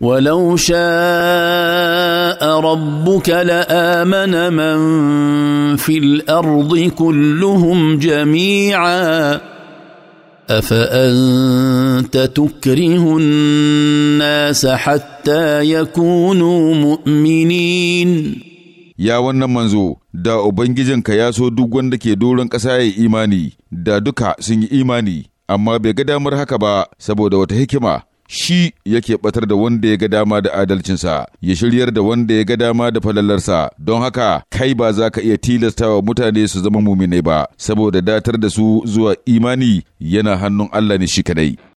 ولو شاء ربك لامن من في الارض كلهم جميعا افانت تكره الناس حتى يكونوا مؤمنين ya wannan manzo da ubangijinka ya so duk wanda ke doron ƙasa ya imani da duka sun yi imani amma bai ga damar haka ba saboda wata hikima shi yake batar da wanda ya ga dama da adalcinsa ya shiryar da wanda ya ga dama da falalarsa don haka kai ba za ka iya tilasta wa mutane su zama muminai ba saboda datar da su zuwa imani yana hannun Allah ne shi kadai